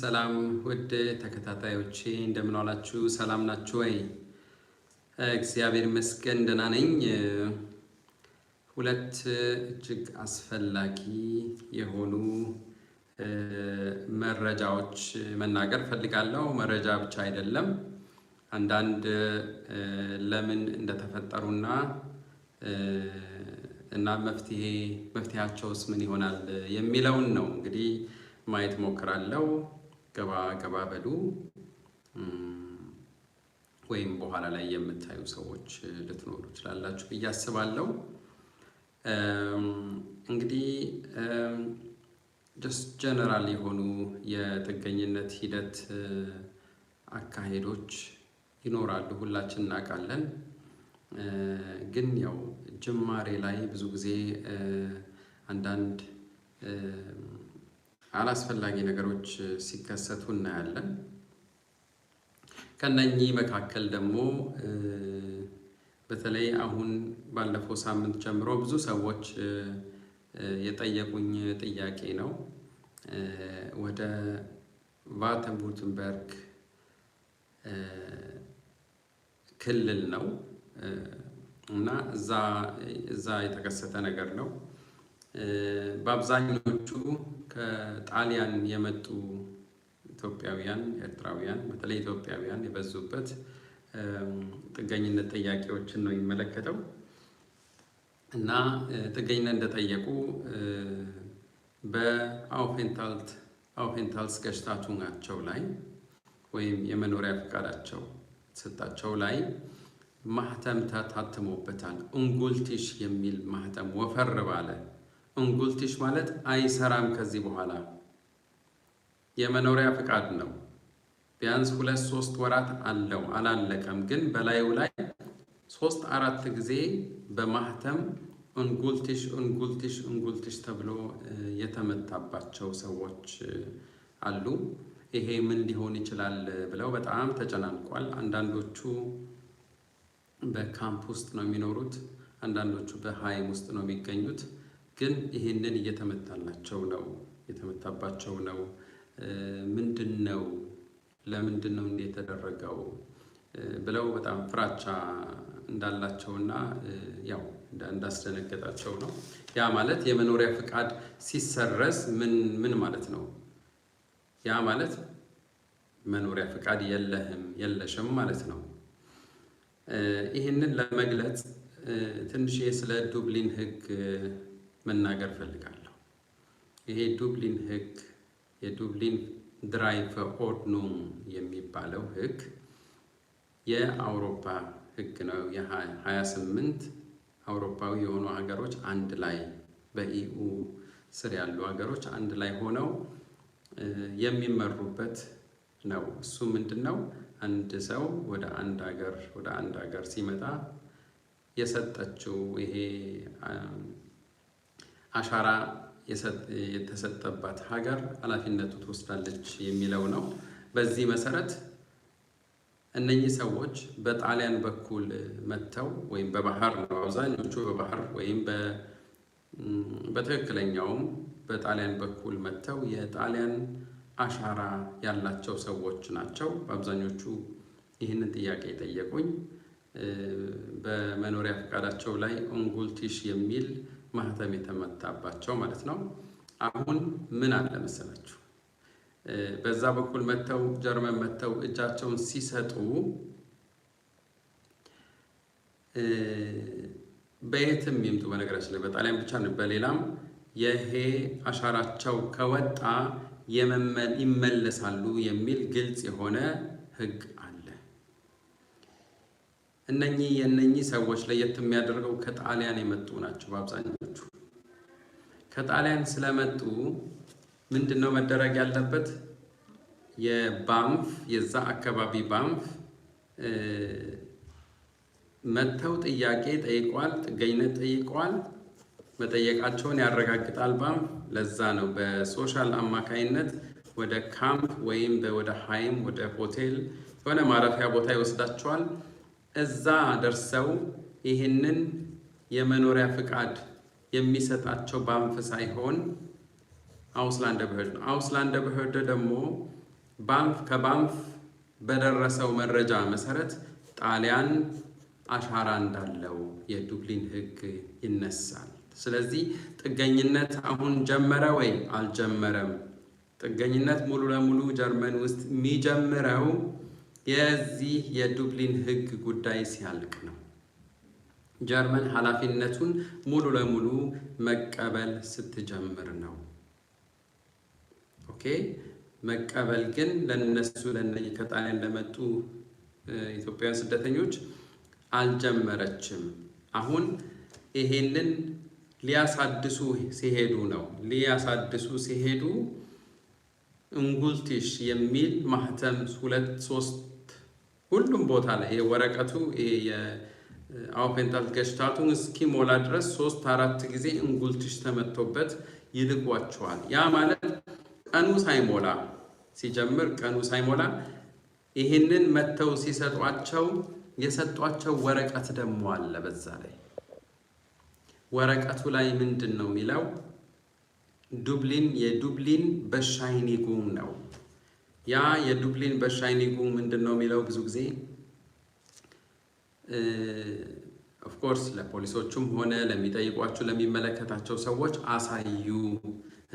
ሰላም ውድ ተከታታዮቼ እንደምን ዋላችሁ? ሰላም ናችሁ ወይ? እግዚአብሔር ይመስገን ደህና ነኝ። ሁለት እጅግ አስፈላጊ የሆኑ መረጃዎች መናገር ፈልጋለሁ። መረጃ ብቻ አይደለም፣ አንዳንድ ለምን እንደተፈጠሩና እና መፍትሄ መፍትሄያቸውስ ምን ይሆናል የሚለውን ነው እንግዲህ ማየት ሞክራለው። ገባ ገባ በሉ ወይም በኋላ ላይ የምታዩ ሰዎች ልትኖሩ ትችላላችሁ ብዬ አስባለሁ። እንግዲህ ጀስት ጀነራል የሆኑ የጥገኝነት ሂደት አካሄዶች ይኖራሉ፣ ሁላችን እናውቃለን። ግን ያው ጅማሬ ላይ ብዙ ጊዜ አንዳንድ አላስፈላጊ ነገሮች ሲከሰቱ እናያለን። ከነኚህ መካከል ደግሞ በተለይ አሁን ባለፈው ሳምንት ጀምሮ ብዙ ሰዎች የጠየቁኝ ጥያቄ ነው። ወደ ቫተንቡርትንበርግ ክልል ነው እና እዛ የተከሰተ ነገር ነው በአብዛኞቹ ከጣሊያን የመጡ ኢትዮጵያውያን፣ ኤርትራውያን በተለይ ኢትዮጵያውያን የበዙበት ጥገኝነት ጥያቄዎችን ነው የሚመለከተው እና ጥገኝነት እንደጠየቁ በአውፌንታልት አውፌንታልስ ናቸው ላይ ወይም የመኖሪያ ፈቃዳቸው ሰጣቸው ላይ ማህተም ታትሞበታል። እንጉልቲሽ የሚል ማህተም ወፈር ባለ እንጉልቲሽ ማለት አይሰራም ከዚህ በኋላ የመኖሪያ ፍቃድ ነው። ቢያንስ ሁለት ሶስት ወራት አለው አላለቀም። ግን በላዩ ላይ ሶስት አራት ጊዜ በማህተም እንጉልቲሽ እንጉልቲሽ እንጉልትሽ ተብሎ የተመታባቸው ሰዎች አሉ። ይሄ ምን ሊሆን ይችላል ብለው በጣም ተጨናንቋል። አንዳንዶቹ በካምፕ ውስጥ ነው የሚኖሩት፣ አንዳንዶቹ በሀይም ውስጥ ነው የሚገኙት። ግን ይሄንን እየተመታላቸው ነው የተመታባቸው ነው። ምንድን ነው ለምንድን ነው እንዲህ የተደረገው ብለው በጣም ፍራቻ እንዳላቸውና ያው እንዳስደነገጣቸው ነው። ያ ማለት የመኖሪያ ፍቃድ ሲሰረዝ ምን ምን ማለት ነው? ያ ማለት መኖሪያ ፍቃድ የለህም የለሽም ማለት ነው። ይህንን ለመግለጽ ትንሽ ስለ ዱብሊን ሕግ መናገር ፈልጋለሁ። ይሄ ዱብሊን ህግ የዱብሊን ድራይቨ ኦርድኑም የሚባለው ህግ የአውሮፓ ህግ ነው። የ28 አውሮፓዊ የሆኑ ሀገሮች አንድ ላይ በኢዩ ስር ያሉ ሀገሮች አንድ ላይ ሆነው የሚመሩበት ነው። እሱ ምንድን ነው? አንድ ሰው ወደ አንድ ሀገር ወደ አንድ ሀገር ሲመጣ የሰጠችው ይሄ አሻራ የተሰጠባት ሀገር ኃላፊነቱ ትወስዳለች የሚለው ነው። በዚህ መሰረት እነኚህ ሰዎች በጣሊያን በኩል መጥተው ወይም በባህር ነው አብዛኞቹ በባህር ወይም በትክክለኛውም በጣሊያን በኩል መጥተው የጣሊያን አሻራ ያላቸው ሰዎች ናቸው። በአብዛኞቹ ይህንን ጥያቄ የጠየቁኝ በመኖሪያ ፈቃዳቸው ላይ ኦንጉልቲሽ የሚል ማህተም የተመታባቸው ማለት ነው። አሁን ምን አለ መሰላችሁ በዛ በኩል መተው ጀርመን መተው እጃቸውን ሲሰጡ በየትም ይምጡ፣ በነገራችን ላይ በጣሊያን ብቻ ነው፣ በሌላም የሄ አሻራቸው ከወጣ ይመለሳሉ የሚል ግልጽ የሆነ ህግ። እነኚህ የእነኚህ ሰዎች ለየት የሚያደርገው ከጣሊያን የመጡ ናቸው። በአብዛኞቹ ከጣሊያን ስለመጡ ምንድን ነው መደረግ ያለበት? የባንፍ የዛ አካባቢ ባንፍ መጥተው ጥያቄ ጠይቋል፣ ጥገኝነት ጠይቋል። መጠየቃቸውን ያረጋግጣል ባንፍ። ለዛ ነው በሶሻል አማካይነት ወደ ካምፕ ወይም ወደ ሃይም ወደ ሆቴል የሆነ ማረፊያ ቦታ ይወስዳቸዋል። እዛ ደርሰው ይህንን የመኖሪያ ፍቃድ የሚሰጣቸው ባንፍ ሳይሆን አውስላንደ ብህርድ ነው። አውስላንደ ብህርድ ደግሞ ባንፍ ከባንፍ በደረሰው መረጃ መሰረት ጣሊያን አሻራ እንዳለው የዱብሊን ህግ ይነሳል። ስለዚህ ጥገኝነት አሁን ጀመረ ወይ አልጀመረም? ጥገኝነት ሙሉ ለሙሉ ጀርመን ውስጥ የሚጀምረው የዚህ የዱብሊን ህግ ጉዳይ ሲያልቅ ነው ጀርመን ኃላፊነቱን ሙሉ ለሙሉ መቀበል ስትጀምር ነው። ኦኬ መቀበል ግን ለነሱ ለነ ከጣሊያን ለመጡ ኢትዮጵያውያን ስደተኞች አልጀመረችም። አሁን ይሄንን ሊያሳድሱ ሲሄዱ ነው ሊያሳድሱ ሲሄዱ እንጉልቲሽ የሚል ማህተም ሁለት ሶስት ሁሉም ቦታ ላይ ይሄ ወረቀቱ ይሄ የአውፔንታል ገሽታቱን እስኪሞላ ድረስ ሶስት አራት ጊዜ እንጉልትሽ ተመቶበት ይልቋቸዋል። ያ ማለት ቀኑ ሳይሞላ ሲጀምር ቀኑ ሳይሞላ ይህንን መተው ሲሰጧቸው የሰጧቸው ወረቀት ደግሞ አለ። በዛ ላይ ወረቀቱ ላይ ምንድን ነው የሚለው? ዱብሊን የዱብሊን በሻይኒጉም ነው ያ የዱፕሊን በሻይኒንጉ ምንድን ነው የሚለው ብዙ ጊዜ ኦፍኮርስ ለፖሊሶቹም ሆነ ለሚጠይቋችሁ ለሚመለከታቸው ሰዎች አሳዩ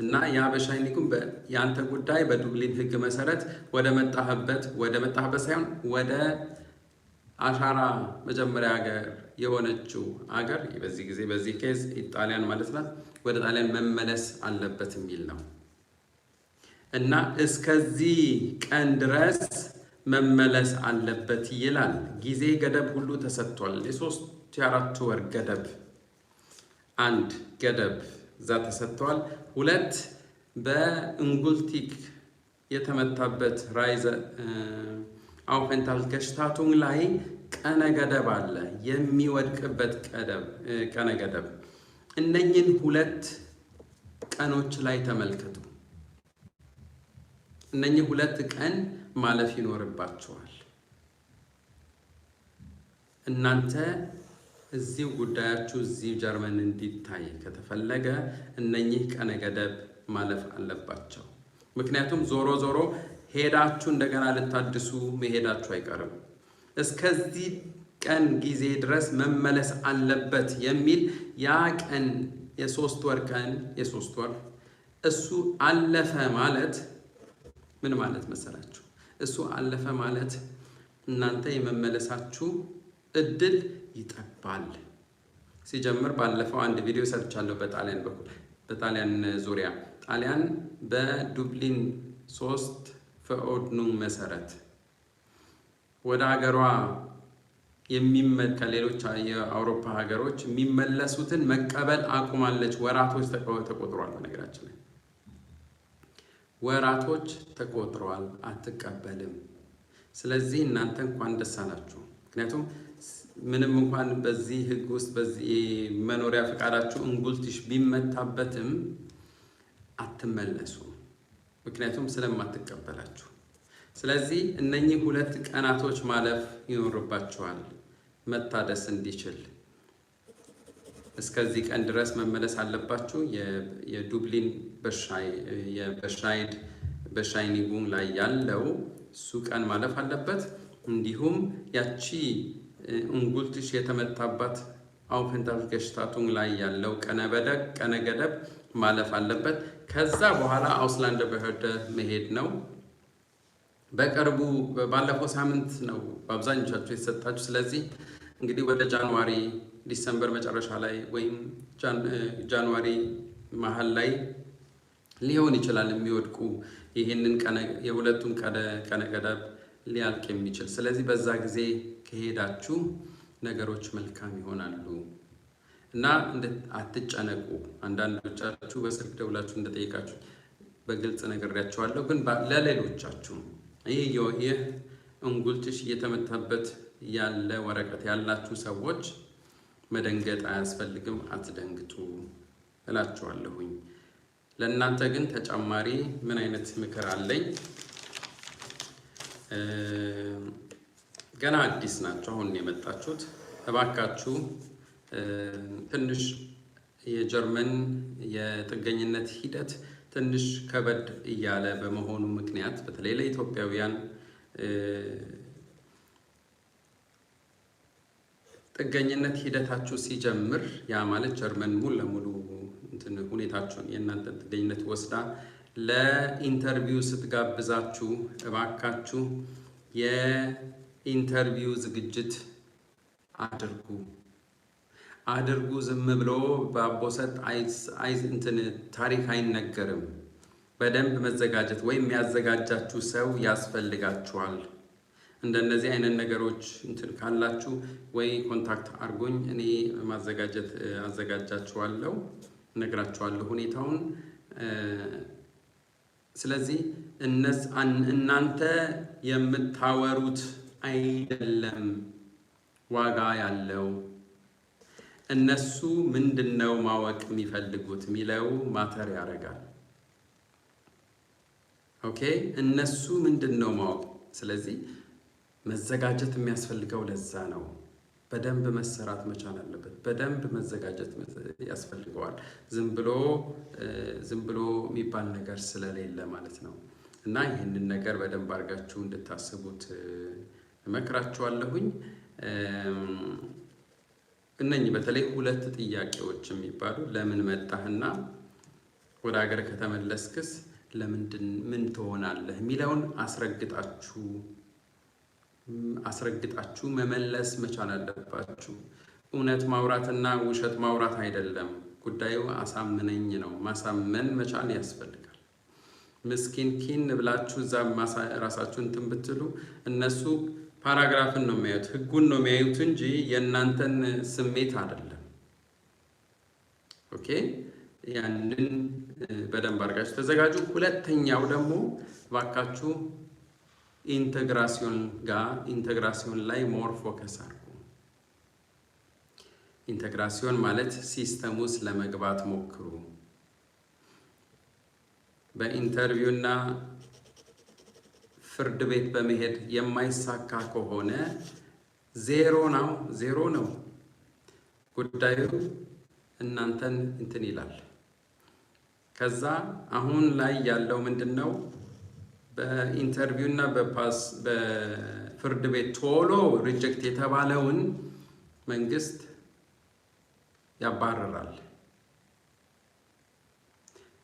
እና ያ በሻይኒንጉም የአንተ ጉዳይ በዱብሊን ህግ መሰረት ወደ መጣህበት ወደ መጣህበት ሳይሆን ወደ አሻራ መጀመሪያ ሀገር የሆነችው አገር በዚህ ጊዜ በዚህ ኬዝ ጣሊያን ማለት ናት፣ ወደ ጣሊያን መመለስ አለበት የሚል ነው። እና እስከዚህ ቀን ድረስ መመለስ አለበት ይላል። ጊዜ ገደብ ሁሉ ተሰጥቷል። የሶስት የአራት ወር ገደብ አንድ ገደብ እዛ ተሰጥቷል። ሁለት በእንጉልቲክ የተመታበት ራይዘ አውፈንታል ገሽታቱን ላይ ቀነ ገደብ አለ፣ የሚወድቅበት ቀነ ገደብ። እነኝን ሁለት ቀኖች ላይ ተመልከቱ። እነኚህ ሁለት ቀን ማለፍ ይኖርባቸዋል እናንተ እዚህ ጉዳያችሁ እዚህ ጀርመን እንዲታይ ከተፈለገ እነኚህ ቀነ ገደብ ማለፍ አለባቸው። ምክንያቱም ዞሮ ዞሮ ሄዳችሁ እንደገና ልታድሱ መሄዳችሁ አይቀርም። እስከዚህ ቀን ጊዜ ድረስ መመለስ አለበት የሚል ያ ቀን የሶስት ወር ቀን የሶስት ወር እሱ አለፈ ማለት ምን ማለት መሰላችሁ? እሱ አለፈ ማለት እናንተ የመመለሳችሁ እድል ይጠባል። ሲጀምር ባለፈው አንድ ቪዲዮ ሰርቻለሁ በጣሊያን በኩል በጣሊያን ዙሪያ ጣሊያን በዱብሊን ሶስት ፈኦድኑ መሰረት ወደ ሀገሯ ከሌሎች የአውሮፓ ሀገሮች የሚመለሱትን መቀበል አቁማለች። ወራቶች ተቆጥሯል በነገራችን ላይ ወራቶች ተቆጥረዋል፣ አትቀበልም። ስለዚህ እናንተ እንኳን ደስ አላችሁ። ምክንያቱም ምንም እንኳን በዚህ ህግ ውስጥ በዚህ መኖሪያ ፈቃዳችሁ እንጉልትሽ ቢመታበትም አትመለሱ ምክንያቱም ስለማትቀበላችሁ። ስለዚህ እነኚህ ሁለት ቀናቶች ማለፍ ይኖርባቸዋል መታደስ እንዲችል እስከዚህ ቀን ድረስ መመለስ አለባችሁ። የዱብሊን በሻይድ በሻይኒጉም ላይ ያለው እሱ ቀን ማለፍ አለበት። እንዲሁም ያቺ እንጉልትሽ የተመታባት አውፈንታፍ ገሽታቱን ላይ ያለው ቀነበደቅ ቀነገደብ ማለፍ አለበት። ከዛ በኋላ አውስላንድ በህደ መሄድ ነው። በቅርቡ ባለፈው ሳምንት ነው በአብዛኞቻችሁ የተሰጣችሁ። ስለዚህ እንግዲህ ወደ ጃንዋሪ ዲሰምበር መጨረሻ ላይ ወይም ጃንዋሪ መሀል ላይ ሊሆን ይችላል የሚወድቁ ይህንን የሁለቱም ቀነ ገደብ ሊያልቅ የሚችል ስለዚህ በዛ ጊዜ ከሄዳችሁ ነገሮች መልካም ይሆናሉ እና አትጨነቁ። አንዳንዶቻችሁ በስልክ ደውላችሁ እንደጠየቃችሁ በግልጽ ነግሬያችኋለሁ። ግን ለሌሎቻችሁ ይህ እንጉልትሽ እየተመታበት ያለ ወረቀት ያላችሁ ሰዎች መደንገጥ አያስፈልግም፣ አትደንግጡ እላችኋለሁኝ። ለእናንተ ግን ተጨማሪ ምን አይነት ምክር አለኝ? ገና አዲስ ናቸው፣ አሁን የመጣችሁት እባካችሁ ትንሽ የጀርመን የጥገኝነት ሂደት ትንሽ ከበድ እያለ በመሆኑ ምክንያት በተለይ ለኢትዮጵያውያን ጥገኝነት ሂደታችሁ ሲጀምር ያ ማለት ጀርመን ሙሉ ለሙሉ ሁኔታችሁን የእናንተ ጥገኝነት ወስዳ ለኢንተርቪው ስትጋብዛችሁ እባካችሁ የኢንተርቪው ዝግጅት አድርጉ አድርጉ። ዝም ብሎ በአቦሰጥ እንትን ታሪክ አይነገርም። በደንብ መዘጋጀት ወይም ያዘጋጃችሁ ሰው ያስፈልጋችኋል። እንደነዚህ አይነት ነገሮች እንትን ካላችሁ ወይ ኮንታክት አድርጎኝ እኔ ማዘጋጀት አዘጋጃችኋለሁ፣ እነግራችኋለሁ ሁኔታውን። ስለዚህ እናንተ የምታወሩት አይደለም ዋጋ ያለው እነሱ ምንድን ነው ማወቅ የሚፈልጉት የሚለው ማተር ያደርጋል። ኦኬ እነሱ ምንድን ነው ማወቅ ስለዚህ መዘጋጀት የሚያስፈልገው ለዛ ነው። በደንብ መሰራት መቻል አለበት። በደንብ መዘጋጀት ያስፈልገዋል። ዝም ብሎ ዝም ብሎ የሚባል ነገር ስለሌለ ማለት ነው። እና ይህንን ነገር በደንብ አድርጋችሁ እንድታስቡት እመክራችኋለሁኝ። እነኚህ በተለይ ሁለት ጥያቄዎች የሚባሉ ለምን መጣህና ወደ ሀገር ከተመለስክስ ለምንድን ምን ትሆናለህ የሚለውን አስረግጣችሁ አስረግጣችሁ መመለስ መቻል አለባችሁ። እውነት ማውራትና ውሸት ማውራት አይደለም ጉዳዩ፣ አሳምነኝ ነው። ማሳመን መቻል ያስፈልጋል። ምስኪን ኪን ብላችሁ እዛ ራሳችሁን እንትን ብትሉ እነሱ ፓራግራፍን ነው የሚያዩት፣ ህጉን ነው የሚያዩት እንጂ የእናንተን ስሜት አይደለም። ኦኬ፣ ያንን በደንብ አድርጋችሁ ተዘጋጁ። ሁለተኛው ደግሞ ባካችሁ ኢንተግራሲዮን ጋር ኢንተግራሲዮን ላይ ሞር ፎከስ አርጉ። ኢንተግራሲዮን ማለት ሲስተም ውስጥ ለመግባት ሞክሩ። በኢንተርቪው ፍርድ ቤት በመሄድ የማይሳካ ከሆነ ዜሮ ነው ዜሮ ነው ጉዳዩ እናንተን እንትን ይላል። ከዛ አሁን ላይ ያለው ምንድን ነው? በኢንተርቪው እና በፓስ በፍርድ ቤት ቶሎ ሪጀክት የተባለውን መንግስት ያባረራል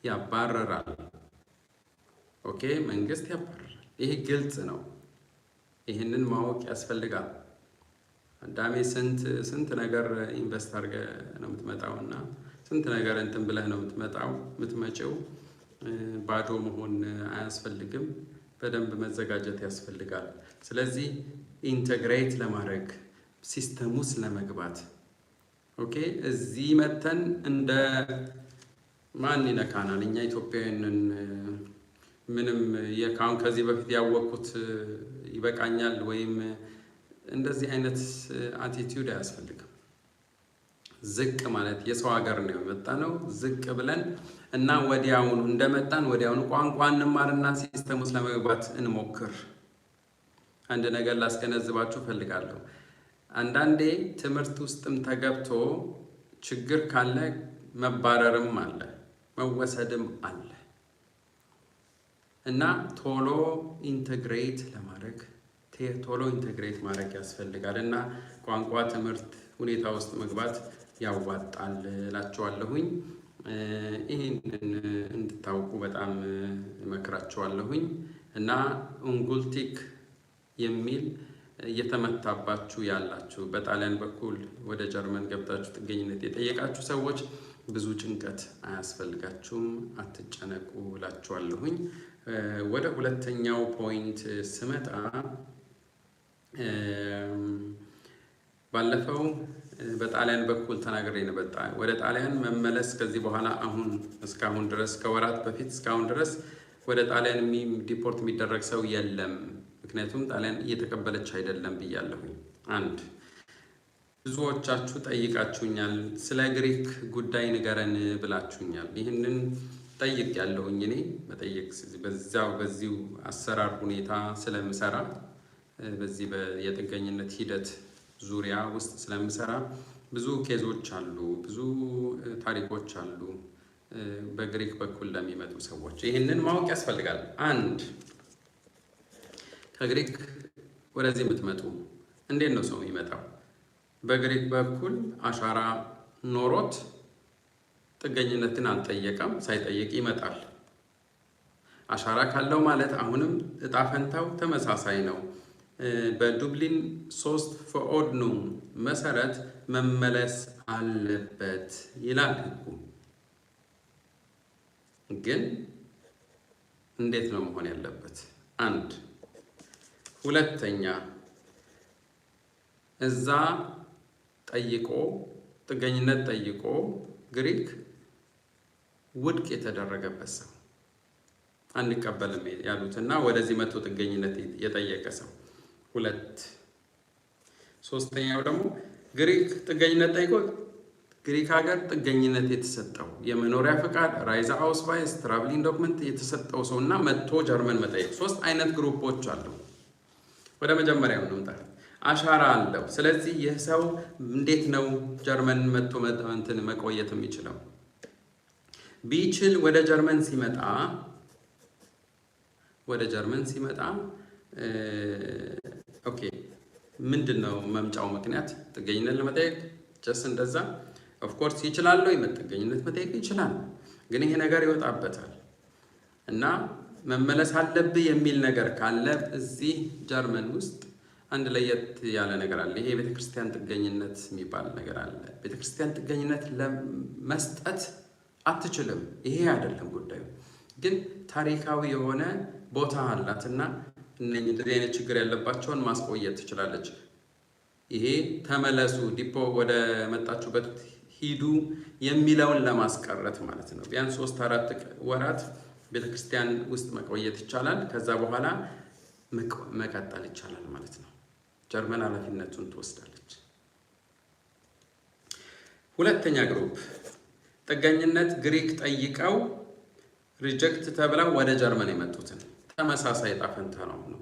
ያባረራል። ኦኬ መንግስት ያባረራል። ይሄ ግልጽ ነው። ይህንን ማወቅ ያስፈልጋል። አዳሜ ስንት ስንት ነገር ኢንቨስት አድርገህ ነው የምትመጣው እና ስንት ነገር እንትን ብለህ ነው የምትመጣው የምትመጪው ባዶ መሆን አያስፈልግም። በደንብ መዘጋጀት ያስፈልጋል። ስለዚህ ኢንተግሬት ለማድረግ ሲስተም ውስጥ ለመግባት ኦኬ። እዚህ መተን እንደ ማን ይነካናል? እኛ ኢትዮጵያውያንን ምንም የካሁን ከዚህ በፊት ያወቅኩት ይበቃኛል ወይም እንደዚህ አይነት አቲቲዩድ አያስፈልግም። ዝቅ ማለት የሰው ሀገር ነው የመጣ ነው። ዝቅ ብለን እና ወዲያውኑ እንደመጣን ወዲያውኑ ቋንቋ እንማርና ሲስተም ውስጥ ለመግባት እንሞክር። አንድ ነገር ላስገነዝባችሁ ፈልጋለሁ። አንዳንዴ ትምህርት ውስጥም ተገብቶ ችግር ካለ መባረርም አለ መወሰድም አለ እና ቶሎ ኢንተግሬት ለማድረግ ቶሎ ኢንተግሬት ማድረግ ያስፈልጋል እና ቋንቋ ትምህርት ሁኔታ ውስጥ መግባት ያዋጣል እላቸዋለሁኝ። ይህንን እንድታውቁ በጣም መክራቸዋለሁኝ እና እንጉልቲክ የሚል እየተመታባችሁ ያላችሁ በጣሊያን በኩል ወደ ጀርመን ገብታችሁ ጥገኝነት የጠየቃችሁ ሰዎች ብዙ ጭንቀት አያስፈልጋችሁም፣ አትጨነቁ እላችኋለሁኝ። ወደ ሁለተኛው ፖይንት ስመጣ ባለፈው በጣሊያን በኩል ተናግሬ ነው። ወደ ጣሊያን መመለስ ከዚህ በኋላ አሁን እስካሁን ድረስ ከወራት በፊት እስካሁን ድረስ ወደ ጣሊያን ዲፖርት የሚደረግ ሰው የለም፣ ምክንያቱም ጣሊያን እየተቀበለች አይደለም ብያለሁኝ። አንድ ብዙዎቻችሁ ጠይቃችሁኛል፣ ስለ ግሪክ ጉዳይ ንገረን ብላችሁኛል። ይህንን ጠይቅ ያለሁኝ እኔ መጠየቅ በዚያው በዚሁ አሰራር ሁኔታ ስለምሰራ በዚህ የጥገኝነት ሂደት ዙሪያ ውስጥ ስለምሰራ ብዙ ኬዞች አሉ፣ ብዙ ታሪኮች አሉ። በግሪክ በኩል ለሚመጡ ሰዎች ይህንን ማወቅ ያስፈልጋል። አንድ ከግሪክ ወደዚህ የምትመጡ እንዴት ነው ሰው የሚመጣው? በግሪክ በኩል አሻራ ኖሮት ጥገኝነትን አልጠየቀም። ሳይጠየቅ ይመጣል። አሻራ ካለው ማለት አሁንም እጣ ፈንታው ተመሳሳይ ነው። በዱብሊን ሶስት ፈኦድኑ መሰረት መመለስ አለበት ይላል ህጉ። ግን እንዴት ነው መሆን ያለበት? አንድ ሁለተኛ እዛ ጠይቆ ጥገኝነት ጠይቆ ግሪክ ውድቅ የተደረገበት ሰው አንቀበልም ያሉትና ወደዚህ መቶ ጥገኝነት የጠየቀ ሰው ሁለት። ሶስተኛው ደግሞ ግሪክ ጥገኝነት ጠይቆ ግሪክ ሀገር ጥገኝነት የተሰጠው የመኖሪያ ፈቃድ ራይዛ አውስቫይስ ትራቭሊንግ ዶክመንት የተሰጠው ሰው እና መጥቶ ጀርመን መጠየቅ ሶስት አይነት ግሩፖች አሉ። ወደ መጀመሪያው እንምጣ። አሻራ አለው። ስለዚህ ይህ ሰው እንዴት ነው ጀርመን መጥቶ እንትን መቆየት የሚችለው? ቢችል ወደ ጀርመን ሲመጣ ወደ ጀርመን ሲመጣ ኦኬ ምንድን ነው መምጫው ምክንያት? ጥገኝነት ለመጠየቅ ጀስ እንደዛ። ኦፍኮርስ ይችላል፣ ጥገኝነት መጠየቅ ይችላል። ግን ይሄ ነገር ይወጣበታል እና መመለስ አለብህ የሚል ነገር ካለ እዚህ ጀርመን ውስጥ አንድ ለየት ያለ ነገር አለ። ይሄ የቤተክርስቲያን ጥገኝነት የሚባል ነገር አለ። ቤተክርስቲያን ጥገኝነት ለመስጠት አትችልም። ይሄ አይደለም ጉዳዩ። ግን ታሪካዊ የሆነ ቦታ አላትና እነኚህ እንደዚህ አይነት ችግር ያለባቸውን ማስቆየት ትችላለች። ይሄ ተመለሱ፣ ዲፖ ወደ መጣችሁበት ሂዱ የሚለውን ለማስቀረት ማለት ነው። ቢያንስ ሶስት አራት ወራት ቤተክርስቲያን ውስጥ መቆየት ይቻላል። ከዛ በኋላ መቀጠል ይቻላል ማለት ነው። ጀርመን ኃላፊነቱን ትወስዳለች። ሁለተኛ ግሩፕ ጥገኝነት ግሪክ ጠይቀው ሪጀክት ተብለው ወደ ጀርመን የመጡትን ተመሳሳይ ጣፈንታ ነው ነው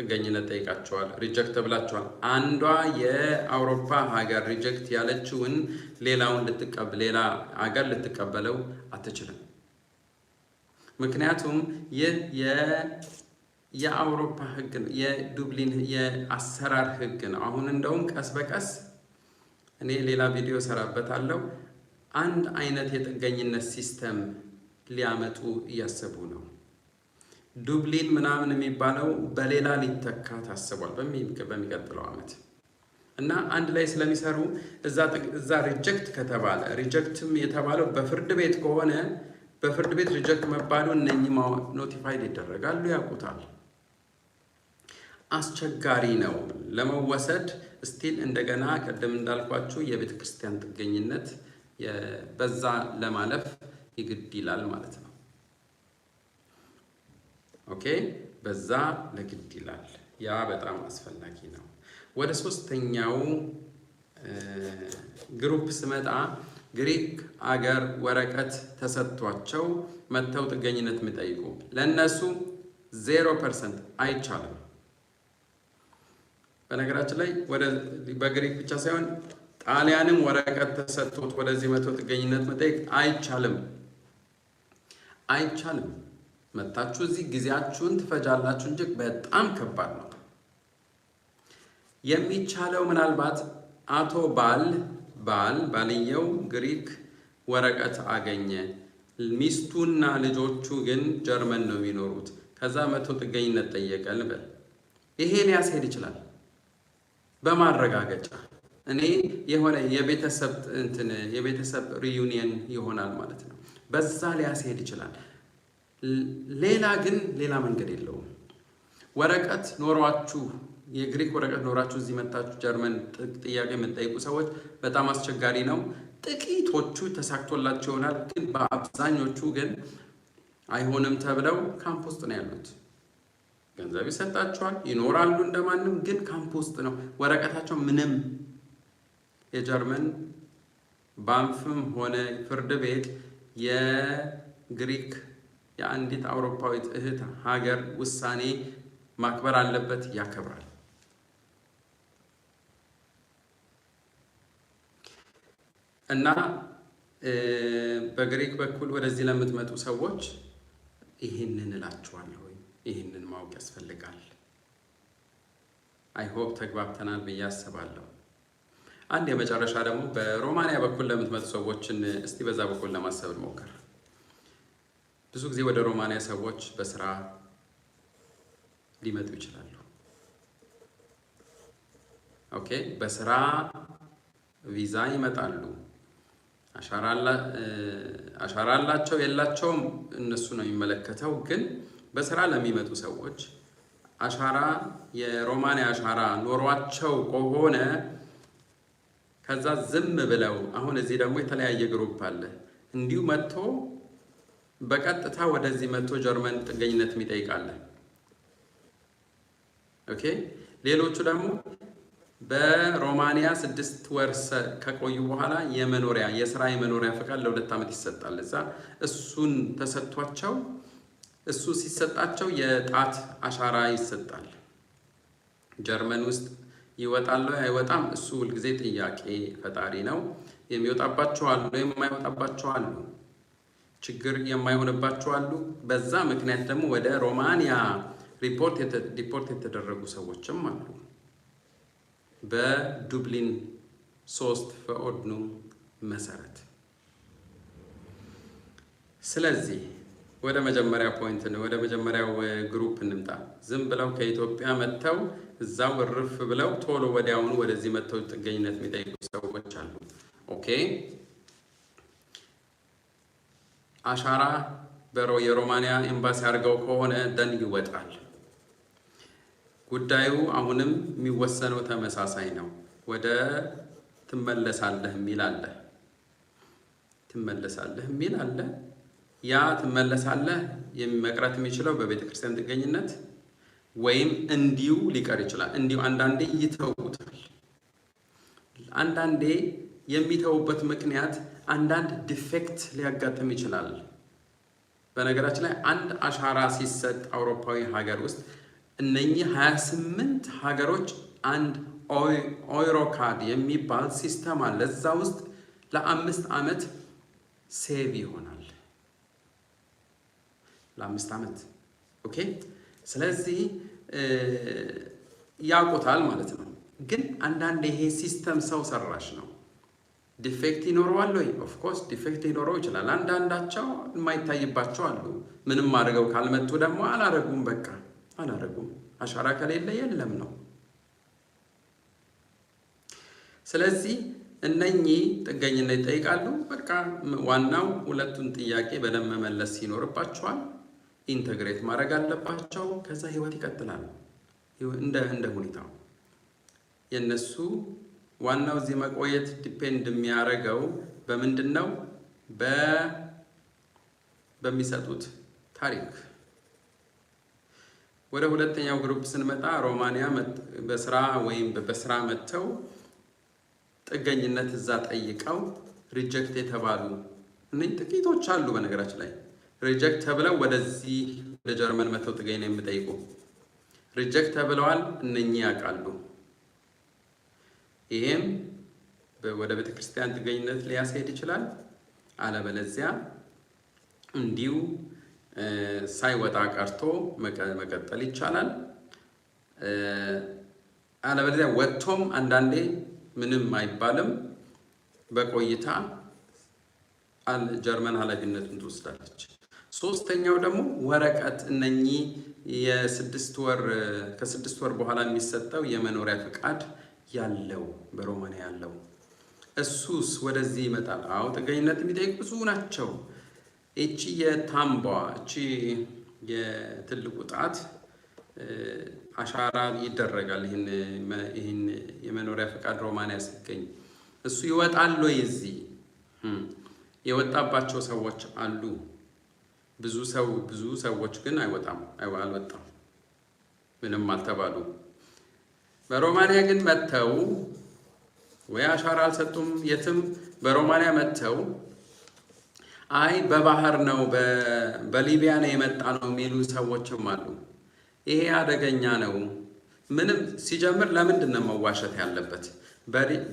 ጥገኝነት ጠይቃቸዋል፣ ሪጀክት ተብላቸዋል። አንዷ የአውሮፓ ሀገር ሪጀክት ያለችውን ሌላውን ሌላ ሀገር ልትቀበለው አትችልም። ምክንያቱም ይህ የአውሮፓ ህግ ነው፣ የዱብሊን የአሰራር ህግ ነው። አሁን እንደውም ቀስ በቀስ እኔ ሌላ ቪዲዮ ሰራበታለሁ። አንድ አይነት የጥገኝነት ሲስተም ሊያመጡ እያሰቡ ነው። ዱብሊን ምናምን የሚባለው በሌላ ሊተካ ታስቧል በሚቀጥለው ዓመት እና አንድ ላይ ስለሚሰሩ እዛ ሪጀክት ከተባለ ሪጀክትም የተባለው በፍርድ ቤት ከሆነ በፍርድ ቤት ሪጀክት መባሉ እነኚህ ኖቲፋይድ ይደረጋሉ፣ ያውቁታል። አስቸጋሪ ነው ለመወሰድ ስቲል እንደገና ቀደም እንዳልኳችሁ የቤተ ክርስቲያን ጥገኝነት በዛ ለማለፍ ይግድ ይላል ማለት ነው። ኦኬ በዛ ለግድ ይላል። ያ በጣም አስፈላጊ ነው። ወደ ሶስተኛው ግሩፕ ስመጣ ግሪክ አገር ወረቀት ተሰጥቷቸው መጥተው ጥገኝነት የሚጠይቁ ለእነሱ ዜሮ ፐርሰንት አይቻልም። በነገራችን ላይ በግሪክ ብቻ ሳይሆን ጣሊያንም ወረቀት ተሰጥቶት ወደዚህ መጥቶ ጥገኝነት መጠየቅ አይቻልም አይቻልም። መታችሁ እዚህ ጊዜያችሁን ትፈጃላችሁ እንጂ በጣም ከባድ ነው። የሚቻለው ምናልባት አቶ ባል ባል ባልየው ግሪክ ወረቀት አገኘ። ሚስቱና ልጆቹ ግን ጀርመን ነው የሚኖሩት። ከዛ መቶ ጥገኝነት ጠየቀ ልበል። ይሄ ሊያስሄድ ይችላል በማረጋገጫ እኔ የሆነ የቤተሰብ እንትን የቤተሰብ ሪዩኒየን ይሆናል ማለት ነው። በዛ ሊያስሄድ ይችላል። ሌላ ግን ሌላ መንገድ የለውም። ወረቀት ኖሯችሁ የግሪክ ወረቀት ኖራችሁ እዚህ መጣችሁ ጀርመን ጥያቄ የምትጠይቁ ሰዎች በጣም አስቸጋሪ ነው። ጥቂቶቹ ተሳክቶላቸው ይሆናል፣ ግን በአብዛኞቹ ግን አይሆንም ተብለው ካምፕ ውስጥ ነው ያሉት። ገንዘብ ይሰጣቸዋል፣ ይኖራሉ እንደማንም፣ ግን ካምፕ ውስጥ ነው ወረቀታቸው ምንም የጀርመን ባንፍም ሆነ ፍርድ ቤት የግሪክ የአንዲት አውሮፓዊት እህት ሀገር ውሳኔ ማክበር አለበት፣ ያከብራል። እና በግሪክ በኩል ወደዚህ ለምትመጡ ሰዎች ይህንን እላችኋለሁ፣ ይህንን ማወቅ ያስፈልጋል። አይሆፕ ተግባብተናል ብዬ አስባለሁ። አንድ የመጨረሻ ደግሞ በሮማንያ በኩል ለምትመጡ ሰዎችን እስቲ በዛ በኩል ለማሰብ እንሞክር። ብዙ ጊዜ ወደ ሮማንያ ሰዎች በስራ ሊመጡ ይችላሉ። ኦኬ፣ በስራ ቪዛ ይመጣሉ። አሻራ አላቸው የላቸውም፣ እነሱ ነው የሚመለከተው። ግን በስራ ለሚመጡ ሰዎች አሻራ የሮማንያ አሻራ ኖሯቸው ከሆነ ከዛ ዝም ብለው አሁን እዚህ ደግሞ የተለያየ ግሩፕ አለ እንዲሁ መጥቶ በቀጥታ ወደዚህ መጥቶ ጀርመን ጥገኝነት የሚጠይቃለ። ኦኬ። ሌሎቹ ደግሞ በሮማኒያ ስድስት ወር ከቆዩ በኋላ የመኖሪያ የስራ የመኖሪያ ፈቃድ ለሁለት ዓመት ይሰጣል። እዛ እሱን ተሰጥቷቸው እሱ ሲሰጣቸው የጣት አሻራ ይሰጣል። ጀርመን ውስጥ ይወጣል አይወጣም፣ እሱ ሁልጊዜ ጥያቄ ፈጣሪ ነው። የሚወጣባቸው አሉ፣ የማይወጣባቸው አሉ። ችግር የማይሆንባቸው አሉ። በዛ ምክንያት ደግሞ ወደ ሮማንያ ሪፖርት የተደረጉ ሰዎችም አሉ። በዱብሊን ሶስት ፈኦድኑ መሰረት። ስለዚህ ወደ መጀመሪያ ፖይንት ወደ መጀመሪያው ግሩፕ እንምጣ። ዝም ብለው ከኢትዮጵያ መጥተው እዛው እርፍ ብለው ቶሎ ወዲያውኑ ወደዚህ መጥተው ጥገኝነት የሚጠይቁ ሰዎች አሉ። ኦኬ አሻራ በሮ የሮማንያ ኤምባሲ አድርገው ከሆነ ደን ይወጣል። ጉዳዩ አሁንም የሚወሰነው ተመሳሳይ ነው። ወደ ትመለሳለህ የሚል አለ። ትመለሳለህ የሚል አለ። ያ ትመለሳለህ መቅረት የሚችለው በቤተ ክርስቲያን ጥገኝነት ወይም እንዲሁ ሊቀር ይችላል። እንዲሁ አንዳንዴ ይተውታል። አንዳንዴ የሚተውበት ምክንያት አንዳንድ ዲፌክት ሊያጋጥም ይችላል። በነገራችን ላይ አንድ አሻራ ሲሰጥ አውሮፓዊ ሀገር ውስጥ እነኚህ 28 ሀገሮች አንድ ኦይሮካድ የሚባል ሲስተም አለ። እዛ ውስጥ ለአምስት ዓመት ሴቭ ይሆናል። ለአምስት ዓመት ኦኬ። ስለዚህ ያውቁታል ማለት ነው። ግን አንዳንድ ይሄ ሲስተም ሰው ሰራሽ ነው። ዲፌክት ይኖረዋል ወይ? ኦፍኮርስ ዲፌክት ይኖረው ይችላል። አንዳንዳቸው የማይታይባቸው አሉ። ምንም አድርገው ካልመጡ ደግሞ አላረጉም፣ በቃ አላረጉም። አሻራ ከሌለ የለም ነው። ስለዚህ እነኚህ ጥገኝነት ይጠይቃሉ። በቃ ዋናው ሁለቱን ጥያቄ በደንብ መመለስ ይኖርባቸዋል። ኢንተግሬት ማድረግ አለባቸው። ከዛ ህይወት ይቀጥላል እንደ እንደ ሁኔታው የእነሱ ዋናው እዚህ መቆየት ዲፔንድ የሚያደርገው በምንድን ነው? በሚሰጡት ታሪክ። ወደ ሁለተኛው ግሩፕ ስንመጣ ሮማንያ በስራ ወይም በስራ መጥተው ጥገኝነት እዛ ጠይቀው ሪጀክት የተባሉ እነኝ ጥቂቶች አሉ። በነገራችን ላይ ሪጀክት ተብለው ወደዚህ ወደ ጀርመን መጥተው ጥገኝ ነው የሚጠይቁ ሪጀክት ተብለዋል። እነኚህ ያውቃሉ። ይሄም ወደ ቤተ ክርስቲያን ጥገኝነት ሊያስሄድ ይችላል። አለበለዚያ እንዲሁ ሳይወጣ ቀርቶ መቀጠል ይቻላል። አለበለዚያ ወጥቶም አንዳንዴ ምንም አይባልም። በቆይታ ጀርመን ኃላፊነቱን ትወስዳለች። ሶስተኛው ደግሞ ወረቀት እነኚህ የስድስት ወር ከስድስት ወር በኋላ የሚሰጠው የመኖሪያ ፍቃድ ያለው በሮማንያ ያለው እሱስ ወደዚህ ይመጣል። አዎ ጥገኝነት የሚጠይቅ ብዙ ናቸው። እቺ የታምቧ እቺ የትልቁ ጣት አሻራ ይደረጋል። ይህን የመኖሪያ ፈቃድ ሮማንያ ሲገኝ እሱ ይወጣል ወይ? እዚህ የወጣባቸው ሰዎች አሉ። ብዙ ሰው ብዙ ሰዎች ግን አይወጣም፣ አልወጣም፣ ምንም አልተባሉ በሮማንያ ግን መጥተው ወይ አሻራ አልሰጡም። የትም በሮማንያ መጥተው አይ በባህር ነው በሊቢያ ነው የመጣ ነው የሚሉ ሰዎችም አሉ። ይሄ አደገኛ ነው። ምንም ሲጀምር ለምንድን ነው መዋሸት ያለበት?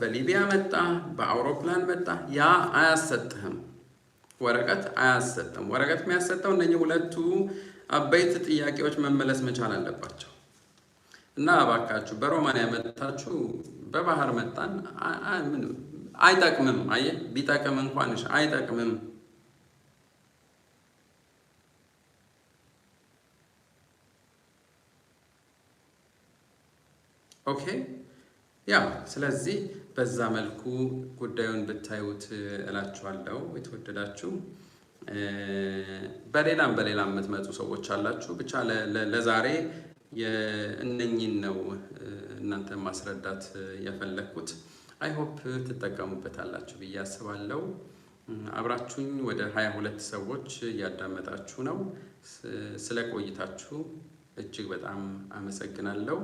በሊቢያ መጣ፣ በአውሮፕላን መጣ፣ ያ አያሰጥህም። ወረቀት አያሰጥም። ወረቀት የሚያሰጠው እነኚህ ሁለቱ አበይት ጥያቄዎች መመለስ መቻል አለባቸው። እና እባካችሁ በሮማን ያመጣችሁ በባህር መጣን አይጠቅምም። አየ ቢጠቅም እንኳን አይጠቅምም። ኦኬ ያ ስለዚህ በዛ መልኩ ጉዳዩን ብታዩት እላችኋለሁ። የተወደዳችሁ በሌላም በሌላም የምትመጡ ሰዎች አላችሁ። ብቻ ለዛሬ የእነኝን ነው እናንተ ማስረዳት የፈለግኩት። አይሆፕ ትጠቀሙበታላችሁ ብዬ አስባለሁ። አብራችሁኝ ወደ ሀያ ሁለት ሰዎች እያዳመጣችሁ ነው። ስለ ቆይታችሁ እጅግ በጣም አመሰግናለሁ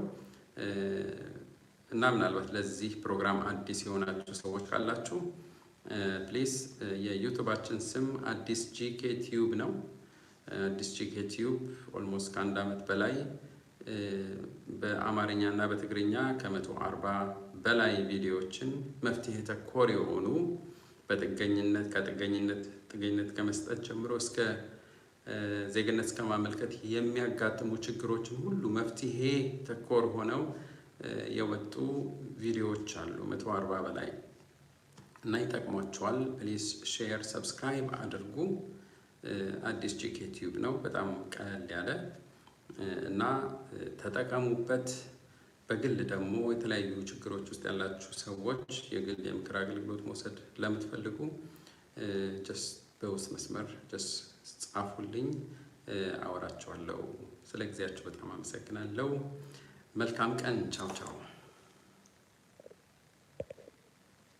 እና ምናልባት ለዚህ ፕሮግራም አዲስ የሆናችሁ ሰዎች ካላችሁ ፕሊስ የዩቱባችን ስም አዲስ ጂኬ ቲዩብ ነው። አዲስ ጂኬ ቲዩብ ኦልሞስት ከአንድ ዓመት በላይ በአማርኛ እና በትግርኛ ከመቶ አርባ በላይ ቪዲዮዎችን መፍትሄ ተኮር የሆኑ በጥገኝነት ከጥገኝነት ጥገኝነት ከመስጠት ጀምሮ እስከ ዜግነት እስከ ማመልከት የሚያጋጥሙ ችግሮችን ሁሉ መፍትሄ ተኮር ሆነው የወጡ ቪዲዮዎች አሉ፣ መቶ አርባ በላይ እና ይጠቅሟቸዋል። ፕሊስ ሼር፣ ሰብስክራይብ አድርጉ። አዲስ ጂኬ ቲዩብ ነው። በጣም ቀለል ያለ እና ተጠቀሙበት። በግል ደግሞ የተለያዩ ችግሮች ውስጥ ያላችሁ ሰዎች የግል የምክር አገልግሎት መውሰድ ለምትፈልጉ ጀስ በውስጥ መስመር ጀስ ጻፉልኝ፣ አወራቸዋለሁ። ስለ ጊዜያችሁ በጣም አመሰግናለሁ። መልካም ቀን። ቻው ቻው።